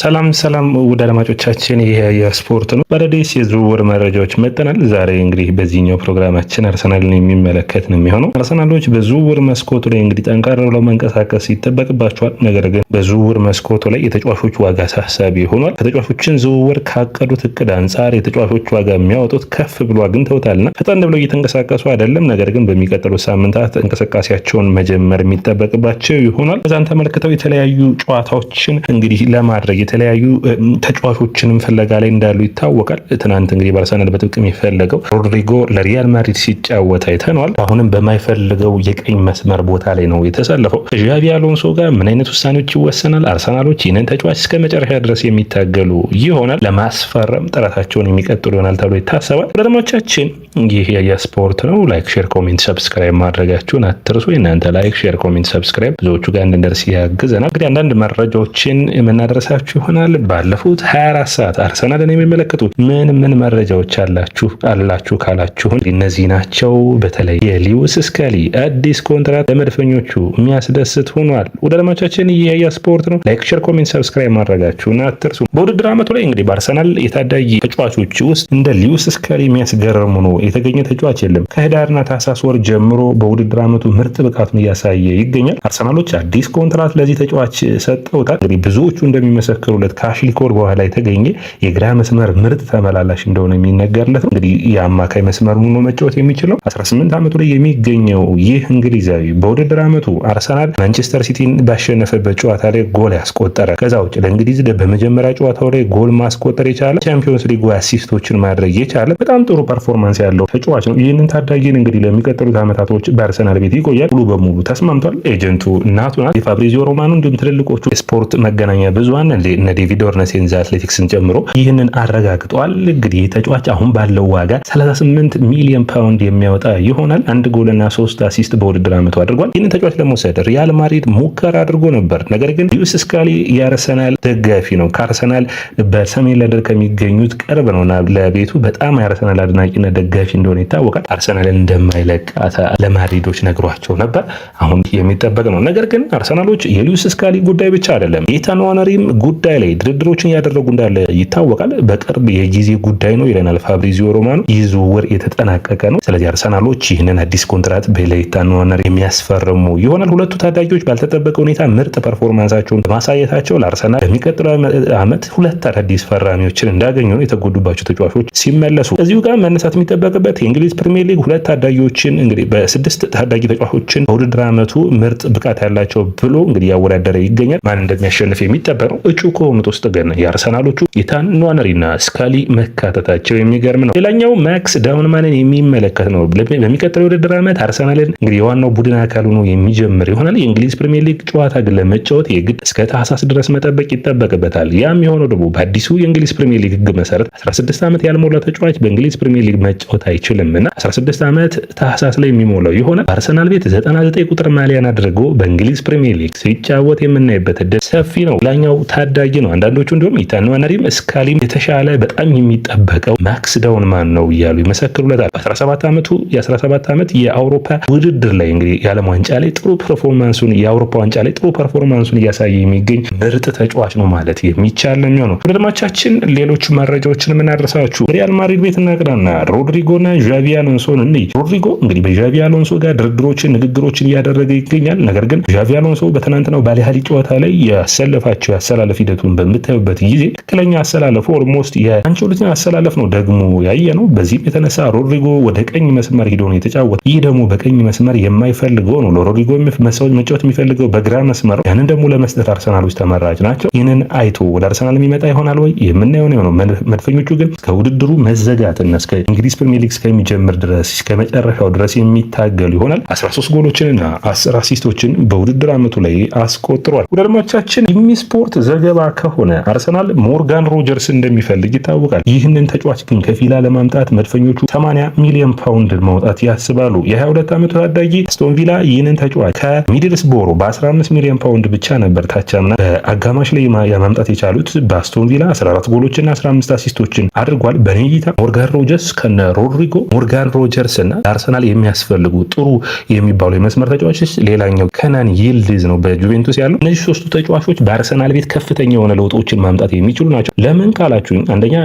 ሰላም ሰላም ውድ አድማጮቻችን፣ ይህ የስፖርት ነው። በአዳዲስ የዝውውር መረጃዎች መጠናል። ዛሬ እንግዲህ በዚህኛው ፕሮግራማችን አርሰናልን የሚመለከት ነው የሚሆነው። አርሰናሎች በዝውውር መስኮቱ ላይ እንግዲህ ጠንካራ ብለው መንቀሳቀስ ይጠበቅባቸዋል። ነገር ግን በዝውውር መስኮቱ ላይ የተጫዋቾች ዋጋ አሳሳቢ ሆኗል። ከተጫዋቾችን ዝውውር ካቀዱት እቅድ አንጻር የተጫዋቾች ዋጋ የሚያወጡት ከፍ ብሎ አግኝተውታልና ፈጠን ብለው እየተንቀሳቀሱ አይደለም። ነገር ግን በሚቀጥሉት ሳምንታት እንቅስቃሴያቸውን መጀመር የሚጠበቅባቸው ይሆናል። ከዛን ተመልክተው የተለያዩ ጨዋታዎችን እንግዲህ ለማድረግ የተለያዩ ተጫዋቾችንም ፍለጋ ላይ እንዳሉ ይታወቃል። ትናንት እንግዲህ ባርሰናል በጥብቅ የሚፈለገው ሮድሪጎ ለሪያል ማድሪድ ሲጫወት አይተነዋል። አሁንም በማይፈልገው የቀኝ መስመር ቦታ ላይ ነው የተሰለፈው። ዣቪ አሎንሶ ጋር ምን አይነት ውሳኔዎች ይወሰናል? አርሰናሎች ይህንን ተጫዋች እስከ መጨረሻ ድረስ የሚታገሉ ይሆናል። ለማስፈረም ጥረታቸውን የሚቀጥሉ ይሆናል ተብሎ ይታሰባል። ይህ የየ ስፖርት ነው። ላይክ፣ ሼር፣ ኮሜንት ሰብስክራይብ ማድረጋችሁን አትርሱ። የእናንተ ላይክ፣ ሼር፣ ኮሜንት ሰብስክራይብ ብዙዎቹ ጋር እንድንደርስ ያግዘናል። እንግዲህ አንዳንድ መረጃዎችን የምናደርሳችሁ ይሆናል። ባለፉት 24 ሰዓት አርሰናልን የሚመለከቱ ምን ምን መረጃዎች አላችሁ አላችሁ ካላችሁን እነዚህ ናቸው። በተለይ የሊዩስ ስከሊ አዲስ ኮንትራት ለመድፈኞቹ የሚያስደስት ሆኗል። ወደ አድማጮቻችን ይህ ስፖርት ነው። ላይክ ሼር፣ ኮሜንት ሰብስክራይብ ማድረጋችሁን አትርሱ። በውድድር አመቱ ላይ እንግዲህ በአርሰናል የታዳጊ ተጫዋቾች ውስጥ እንደ ሊዩስ ስከሊ የሚያስገርሙ ነው የተገኘ ተጫዋች የለም። ከህዳርና ታህሳስ ወር ጀምሮ በውድድር ዓመቱ ምርጥ ብቃቱን እያሳየ ይገኛል። አርሰናሎች አዲስ ኮንትራት ለዚህ ተጫዋች ሰጠውታል። እንግዲህ ብዙዎቹ እንደሚመሰክሩለት ከአሽሊ ኮል በኋላ የተገኘ የግራ መስመር ምርጥ ተመላላሽ እንደሆነ የሚነገርለት ነው። እንግዲህ የአማካይ መስመር ሆኖ መጫወት የሚችለው 18 ዓመቱ ላይ የሚገኘው ይህ እንግሊዛዊ በውድድር ዓመቱ አርሰናል ማንቸስተር ሲቲን ባሸነፈበት ጨዋታ ላይ ጎል ያስቆጠረ፣ ከዛ ውጭ ለእንግሊዝ በመጀመሪያ ጨዋታው ላይ ጎል ማስቆጠር የቻለ ቻምፒዮንስ ሊግ አሲስቶችን ማድረግ የቻለ በጣም ጥሩ ፐርፎርማንስ ያለው ተጫዋች ነው። ይህንን ታዳጊን እንግዲህ ለሚቀጥሉት ዓመታቶች በአርሰናል ቤት ይቆያል። ሙሉ በሙሉ ተስማምቷል። ኤጀንቱ እናቱ ናት። የፋብሪዚዮ ሮማኑ እንዲሁም ትልልቆቹ የስፖርት መገናኛ ብዙኃን እነ ዴቪድ ዘ አትሌቲክስን ጨምሮ ይህንን አረጋግጠዋል። እንግዲህ ተጫዋች አሁን ባለው ዋጋ 38 ሚሊዮን ፓውንድ የሚያወጣ ይሆናል። አንድ ጎልና ሶስት አሲስት በውድድር ዓመቱ አድርጓል። ይህንን ተጫዋች ለመውሰድ ሪያል ማድሪድ ሙከራ አድርጎ ነበር። ነገር ግን ዩስ ስካሊ የአርሰናል ደጋፊ ነው። ከአርሰናል በሰሜን ለንደን ከሚገኙት ቅርብ ነው። ለቤቱ በጣም የአርሰናል አድናቂና ደጋፊ ደጋፊ እንደሆነ ይታወቃል። አርሰናልን እንደማይለቅ ለማድሪዶች ነግሯቸው ነበር። አሁን የሚጠበቅ ነው። ነገር ግን አርሰናሎች የሉዊስ ስካሊ ጉዳይ ብቻ አይደለም፣ የኢታን ዋነሪም ጉዳይ ላይ ድርድሮችን እያደረጉ እንዳለ ይታወቃል። በቅርብ የጊዜ ጉዳይ ነው ይለናል ፋብሪዚዮ ሮማኖ። ይህ ዝውውር የተጠናቀቀ ነው። ስለዚህ አርሰናሎች ይህንን አዲስ ኮንትራት ለኢታን ዋነሪ የሚያስፈርሙ ይሆናል። ሁለቱ ታዳጊዎች ባልተጠበቀ ሁኔታ ምርጥ ፐርፎርማንሳቸውን በማሳየታቸው ለአርሰናል በሚቀጥለው ዓመት ሁለት አዳዲስ ፈራሚዎችን እንዳገኙ ነው የተጎዱባቸው ተጫዋቾች ሲመለሱ። እዚሁ ጋር መነሳት የሚጠበቅ የተደረገበት የእንግሊዝ ፕሪሚየር ሊግ ሁለት ታዳጊዎችን እንግዲህ በስድስት ታዳጊ ተጫዋቾችን በውድድር ዓመቱ ምርጥ ብቃት ያላቸው ብሎ እንግዲህ ያወዳደረ ይገኛል። ማን እንደሚያሸንፍ የሚጠበቅ ነው። እጩ ከሆኑት ውስጥ ግን የአርሰናሎቹ ኢታን ንዋነሪና ስካሊ መካተታቸው የሚገርም ነው። ሌላኛው ማክስ ዳውንማንን የሚመለከት ነው። በሚቀጥለው የውድድር ዓመት አርሰናልን እንግዲህ የዋናው ቡድን አካል ሆኖ የሚጀምር ይሆናል። የእንግሊዝ ፕሪሚየር ሊግ ጨዋታ ግን ለመጫወት የግድ እስከ ታህሳስ ድረስ መጠበቅ ይጠበቅበታል። ያም የሆነው ደግሞ በአዲሱ የእንግሊዝ ፕሪሚየር ሊግ ህግ መሰረት 16 ዓመት ያልሞላ ተጫዋች በእንግሊዝ ፕሪሚየር ሊግ መጫወት ሊጫወት አይችልም እና 16 ዓመት ታህሳስ ላይ የሚሞላው የሆነ አርሰናል ቤት 99 ቁጥር ማሊያን አድርጎ በእንግሊዝ ፕሪሚየር ሊግ ሲጫወት የምናይበት እድል ሰፊ ነው። ላኛው ታዳጊ ነው። አንዳንዶቹ እንዲሁም ኢታንዋናሪም እስካሊም የተሻለ በጣም የሚጠበቀው ማክስ ዳውን ማን ነው እያሉ ይመሰክሩለታል። በ17 ዓመቱ የ17 ዓመት የአውሮፓ ውድድር ላይ እንግዲህ የዓለም ዋንጫ ላይ ጥሩ ፐርፎርማንሱን የአውሮፓ ዋንጫ ላይ ጥሩ ፐርፎርማንሱን እያሳየ የሚገኝ ምርጥ ተጫዋች ነው ማለት የሚቻል ነው የሚሆነው። ወደ ድማቻችን መረጃዎችን የምናደርሳችሁ ሪያል ማድሪድ ቤት እናቅዳና ሮድሪጎ ሮድሪጎና ዣቪ አሎንሶን እንይ። ሮድሪጎ እንግዲህ በዣቪ አሎንሶ ጋር ድርድሮችን፣ ንግግሮችን እያደረገ ይገኛል። ነገር ግን ዣቪ አሎንሶ በትናንትናው ባሊሃሊ ጨዋታ ላይ ያሰለፋቸው የአሰላለፍ ሂደቱን በምታዩበት ጊዜ ትክክለኛ አሰላለፉ ኦልሞስት የአንቸሎቲን አሰላለፍ ነው ደግሞ ያየ ነው። በዚህም የተነሳ ሮድሪጎ ወደ ቀኝ መስመር ሂዶ ነው የተጫወተ። ይህ ደግሞ በቀኝ መስመር የማይፈልገው ነው። ለሮድሪጎ መጫወት የሚፈልገው በግራ መስመር ያንን ደግሞ ለመስጠት አርሰናሎች ተመራጭ ናቸው። ይህንን አይቶ ወደ አርሰናል የሚመጣ ይሆናል ወይ የምናየው ነው። መድፈኞቹ ግን ከውድድሩ መዘጋትና እስከ እንግሊዝ ፕሪሚየር ፌሊክስ ከሚጀምር ድረስ እስከ መጨረሻው ድረስ የሚታገል ይሆናል። 13 ጎሎችንና 10 አሲስቶችን በውድድር ዓመቱ ላይ አስቆጥሯል። ወደ አድማቻችን ስፖርት ዘገባ ከሆነ አርሰናል ሞርጋን ሮጀርስ እንደሚፈልግ ይታወቃል። ይህንን ተጫዋች ግን ከፊላ ለማምጣት መድፈኞቹ 80 ሚሊዮን ፓውንድ ማውጣት ያስባሉ። የ22 ዓመቱ ታዳጊ ስቶንቪላ ቪላ ይህንን ተጫዋች ከሚድልስቦሮ በ15 ሚሊዮን ፓውንድ ብቻ ነበር ታቻምና በአጋማሽ ላይ ማምጣት የቻሉት በስቶንቪላ 14 ጎሎችና 15 አሲስቶችን አድርጓል። በኔ ሞርጋን ሮጀርስ ከነ ሮድሪጎ፣ ሞርጋን ሮጀርስ እና አርሰናል የሚያስፈልጉ ጥሩ የሚባሉ የመስመር ተጫዋቾች ሌላኛው ከናን ይልድዝ ነው በጁቬንቱስ ያለው። እነዚህ ሶስቱ ተጫዋቾች በአርሰናል ቤት ከፍተኛ የሆነ ለውጦችን ማምጣት የሚችሉ ናቸው። ለምን ካላችሁ አንደኛ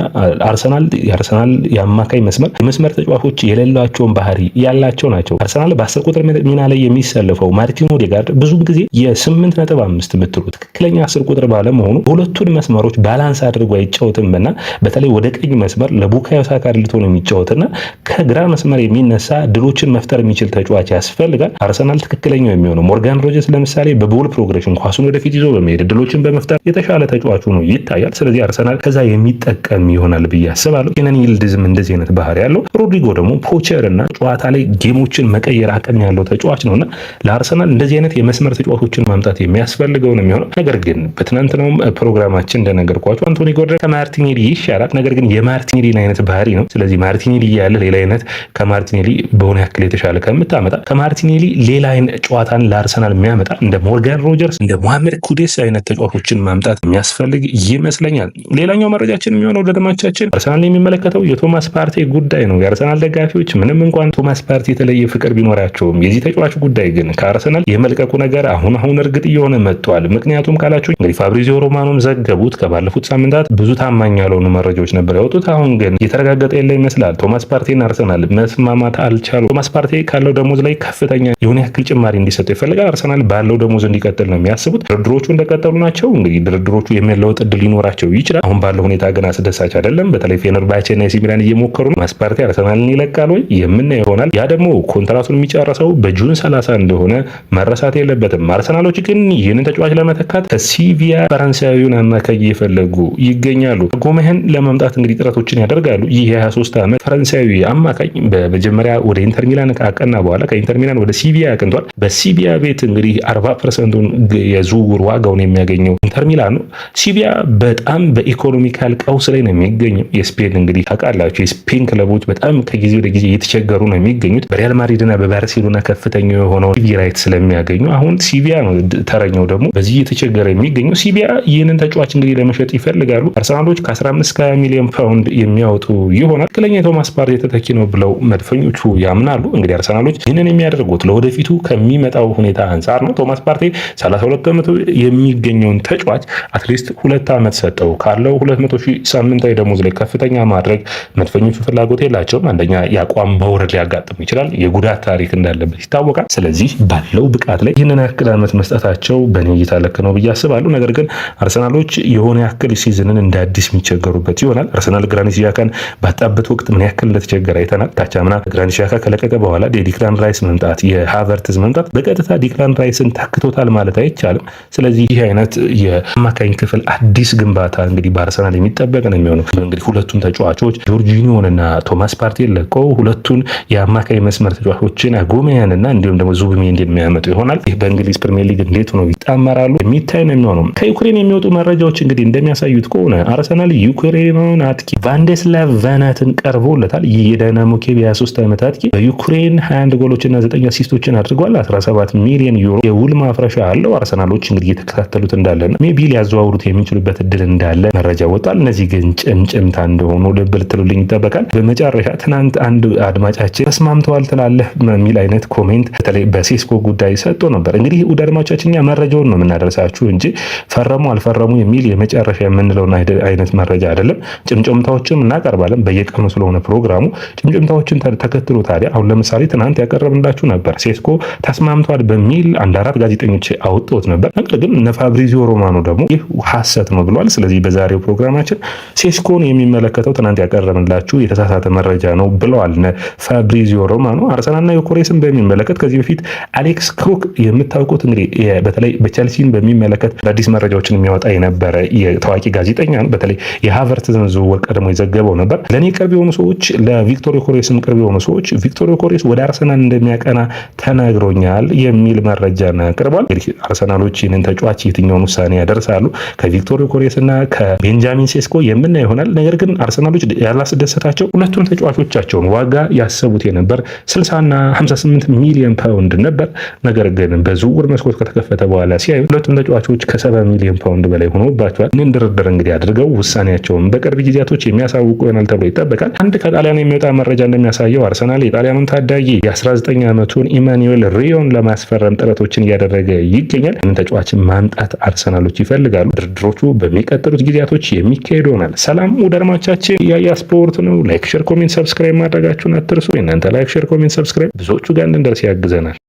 አርሰናል የአርሰናል የአማካኝ መስመር የመስመር ተጫዋቾች የሌላቸውን ባህሪ ያላቸው ናቸው። አርሰናል በአስር ቁጥር ሚና ላይ የሚሰልፈው ማርቲን ኦዴጋርድ ብዙ ጊዜ የስምንት ነጥብ አምስት የምትሉ ትክክለኛ አስር ቁጥር ባለመሆኑ ሁለቱን መስመሮች ባላንስ አድርጎ አይጫወትም እና በተለይ ወደ ቀኝ መስመር ለቡካዮ ሳካ ልትሆን የሚጫወትና ከግራ መስመር የሚነሳ ድሎችን መፍጠር የሚችል ተጫዋች ያስፈልጋል። አርሰናል ትክክለኛው የሚሆነው ሞርጋን ሮጀርስ ለምሳሌ በቦል ፕሮግሬሽን ኳሱን ወደፊት ይዞ በመሄድ ድሎችን በመፍጠር የተሻለ ተጫዋቹ ነው ይታያል። ስለዚህ አርሰናል ከዛ የሚጠቀም ይሆናል ብዬ አስባለሁ። ኬነን ይልድዝም እንደዚህ አይነት ባህሪ ያለው፣ ሮድሪጎ ደግሞ ፖቸር እና ጨዋታ ላይ ጌሞችን መቀየር አቅም ያለው ተጫዋች እና ለአርሰናል እንደዚህ አይነት የመስመር ተጫዋቾችን ማምጣት የሚያስፈልገው ነው የሚሆነው። ነገር ግን በትናንትናውም ፕሮግራማችን እንደነገርኳቸው አንቶኒ ጎርደን ከማርቲኔሊ ይሻላል። ነገር ግን የማርቲኔሊን አይነት ባህሪ ነው። ስለዚህ ማርቲኔሊ ክፍያ ያለ ሌላ አይነት ከማርቲኔሊ በሆነ ያክል የተሻለ ከምታመጣ ከማርቲኔሊ ሌላ አይነት ጨዋታን ለአርሰናል የሚያመጣ እንደ ሞርጋን ሮጀርስ እንደ ሞሐመድ ኩዴስ አይነት ተጫዋቾችን ማምጣት የሚያስፈልግ ይመስለኛል። ሌላኛው መረጃችን የሚሆነው ለደማቻችን አርሰናል የሚመለከተው የቶማስ ፓርቴ ጉዳይ ነው። የአርሰናል ደጋፊዎች ምንም እንኳን ቶማስ ፓርቴ የተለየ ፍቅር ቢኖራቸውም የዚህ ተጫዋች ጉዳይ ግን ከአርሰናል የመልቀቁ ነገር አሁን አሁን እርግጥ እየሆነ መጥቷል። ምክንያቱም ቃላቸው እንግዲህ ፋብሪዚዮ ሮማኖም ዘገቡት። ከባለፉት ሳምንታት ብዙ ታማኝ ያልሆኑ መረጃዎች ነበር ያወጡት። አሁን ግን የተረጋገጠ የለ ይመስላል ቶማስ ቶማስ ፓርቲና አርሰናል መስማማት አልቻሉ። ቶማስ ፓርቲ ካለው ደሞዝ ላይ ከፍተኛ የሆነ ያክል ጭማሪ እንዲሰጡ ይፈልጋል። አርሰናል ባለው ደሞዝ እንዲቀጥል ነው የሚያስቡት። ድርድሮቹ እንደቀጠሉ ናቸው። እንግዲህ ድርድሮቹ የሚለወጥ እድል ሊኖራቸው ይችላል። አሁን ባለው ሁኔታ ግን አስደሳች አይደለም። በተለይ ፌነርባቼና ኤሲ ሚላን እየሞከሩ ነው። ቶማስ ፓርቲ አርሰናልን ይለቃል ወይ የምናየው ይሆናል። ያ ደግሞ ኮንትራቱን የሚጨረሰው በጁን 30 እንደሆነ መረሳት የለበትም። አርሰናሎች ግን ይህንን ተጫዋች ለመተካት ከሲቪያ ፈረንሳዊውን አማካይ እየፈለጉ ይገኛሉ። ጎመህን ለማምጣት እንግዲህ ጥረቶችን ያደርጋሉ። ይህ የ23 ዓመት ፈረንሳ ፈረንሳዊ አማካኝ በመጀመሪያ ወደ ኢንተር ሚላን ካቀና በኋላ ከኢንተር ሚላን ወደ ሲቪያ ያቅንቷል። በሲቪያ ቤት እንግዲህ አርባ ፐርሰንቱን የዝውውር ዋጋውን የሚያገኘው ኢንተር ሚላኑ። ሲቪያ በጣም በኢኮኖሚካል ቀውስ ላይ ነው የሚገኘው። የስፔን እንግዲህ ታውቃላችሁ፣ የስፔን ክለቦች በጣም ከጊዜ ወደ ጊዜ እየተቸገሩ ነው የሚገኙት። በሪያል ማድሪድና በባርሴሎና ከፍተኛ የሆነው ቲቪ ራይት ስለሚያገኙ አሁን ሲቪያ ነው ተረኛው ደግሞ በዚህ እየተቸገረ የሚገኘው። ሲቪያ ይህንን ተጫዋች እንግዲህ ለመሸጥ ይፈልጋሉ። አርሰናሎች ከ15 20 ሚሊዮን ፓውንድ የሚያወጡ ይሆናል። ትክክለኛ የቶማስ ቫርዲ ተተኪ ነው ብለው መድፈኞቹ ያምናሉ። እንግዲህ አርሰናሎች ይህንን የሚያደርጉት ለወደፊቱ ከሚመጣው ሁኔታ አንጻር ነው። ቶማስ ፓርቴ 32 በመቶ የሚገኘውን ተጫዋች አትሊስት ሁለት ዓመት ሰጠው ካለው 200 ሺህ ሳምንታዊ ደሞዝ ላይ ከፍተኛ ማድረግ መድፈኞቹ ፍላጎት የላቸውም። አንደኛ የአቋም መውረድ ሊያጋጥም ይችላል። የጉዳት ታሪክ እንዳለበት ይታወቃል። ስለዚህ ባለው ብቃት ላይ ይህንን ያክል ዓመት መስጠታቸው በእኔ እይታ ልክ ነው ብዬ አስባለሁ። ነገር ግን አርሰናሎች የሆነ ያክል ሲዝንን እንደ አዲስ የሚቸገሩበት ይሆናል። አርሰናል ግራኒት ዣካን ባጣበት ወቅት ምን ያክል እንደተቸገረ አይተናል። ካቻምና ግራኒሻካ ከለቀቀ በኋላ የዲክላን ራይስ መምጣት፣ የሃቨርትዝ መምጣት በቀጥታ ዲክላን ራይስን ታክቶታል ማለት አይቻልም። ስለዚህ ይህ አይነት የአማካኝ ክፍል አዲስ ግንባታ እንግዲህ በአርሰናል የሚጠበቅ ነው የሚሆነው። እንግዲህ ሁለቱን ተጫዋቾች ጆርጂኒዮን እና ቶማስ ፓርቲን ለቀው ሁለቱን የአማካኝ መስመር ተጫዋቾችን አጎሜያን አጎመያንና እንዲሁም ደግሞ ዙብሜንዲ የሚያመጡ ይሆናል። ይህ በእንግሊዝ ፕሪሚየር ሊግ እንዴት ነው ይጣመራሉ የሚታይ ነው የሚሆነው። ከዩክሬን የሚወጡ መረጃዎች እንግዲህ እንደሚያሳዩት ከሆነ አርሰናል ዩክሬናዊውን አጥቂ ቫንዴስላቭ ቫናትን ቀርቦለታል። ይህ የዳይናሞ ኬቭ የ23 ዓመት አጥቂ በዩክሬን 21 ጎሎችና 9 አሲስቶችን አድርጓል። 17 ሚሊዮን ዩሮ የውል ማፍረሻ አለው። አርሰናሎች እንግዲህ የተከታተሉት ነው። ሜቢ ሊያዘዋውሩት የሚችሉበት እድል እንዳለ መረጃ ወጣል። እነዚህ ግን ጭምጭምታ እንደሆኑ ልብ ልትሉልኝ ይጠበቃል። በመጨረሻ ትናንት አንድ አድማጫችን ተስማምተዋል ትላለህ የሚል አይነት ኮሜንት በተለይ በሴስኮ ጉዳይ ሰጥቶ ነበር። እንግዲህ ውድ አድማጮቻችን መረጃ መረጃውን ነው የምናደርሳችሁ እንጂ ፈረሙ አልፈረሙ የሚል የመጨረሻ የምንለው አይነት መረጃ አይደለም። ጭምጭምታዎችም እናቀርባለን በየቀኑ ስለሆነ ፕሮግራሙ ጭምጭምታዎችን ተከትሎ ታዲያ አሁን ለምሳሌ ትናንት ያቀረብንላችሁ ነበር ሴስኮ ተስማምቷል በሚል አንድ አራት ጋዜጠኞች አወጥቶት ነበር። ነገር ግን እነ ፋብሪዚዮ ሮማኖ ደግሞ ይህ ሀሰት ነው ብሏል። ስለዚህ በዛሬው ፕሮግራማችን ሴስኮን የሚመለከተው ትናንት ያቀረብንላችሁ የተሳሳተ መረጃ ነው ብለዋል ፋብሪዚዮ ሮማኖ። አርሰናልና ዮኮሬስን በሚመለከት ከዚህ በፊት አሌክስ ክሩክ የምታውቁት እንግዲህ በተለይ በቸልሲን በሚመለከት አዳዲስ መረጃዎችን የሚያወጣ የነበረ ታዋቂ ጋዜጠኛ በተለይ የሀቨርትዝን ዝውውር ቀድሞ የዘገበው ነበር። ለእኔ ቅርብ የሆኑ ሰዎች፣ ለቪክቶሪ ኮሬስም ቅርብ የሆኑ ሰዎች ቪክቶሪ ኮሬስ ወደ አርሰናል እንደሚያቀና ተነግሮኛል የሚል መረጃን አቅርቧል። አርሰናሎች ይህንን ተጫዋች የትኛውን ውሳኔ ያደርሳሉ ከቪክቶሪ ኮሬስ እና ከቤንጃሚን ሴስኮ የምና ይሆናል። ነገር ግን አርሰናሎች ያላስደሰታቸው ሁለቱም ተጫዋቾቻቸውን ዋጋ ያሰቡት የነበር 60 እና 58 ሚሊዮን ፓውንድ ነበር። ነገር ግን በዝውውር መስኮት ከተከፈተ በኋላ ሲያዩ ሁለቱም ተጫዋቾች ከሰባ ሚሊዮን ፓውንድ በላይ ሆኖባቸዋል። ይህን ድርድር እንግዲህ አድርገው ውሳኔያቸውን በቅርብ ጊዜያቶች የሚያሳውቁ ይሆናል ተብሎ ይጠበቃል። አንድ ከጣሊያን የሚወጣ መረጃ እንደሚያሳየው አርሰናል የጣሊያኑን ታዳጊ የ19 ዓመቱን ኢማኑኤል ሪዮን ለማስፈረም ጥረቶችን እያደረገ ይገኛል። ይህንን ተጫዋች ማምጣት አርሰናሎች ይፈልጋሉ። ድርድሮቹ በሚቀጥሉት ጊዜያቶች የሚካሄዱ ይሆናል። ሰላም ውደርማቻችን ያያ ስፖርት ነው። ላይክ ሼር፣ ኮሜንት፣ ሰብስክራይብ ማድረጋችሁን አትርሱ። የእናንተ ላይክ ሼር፣ ኮሜንት፣ ሰብስክራይብ ብዙዎቹ ጋር እንድንደርስ ያግዘናል።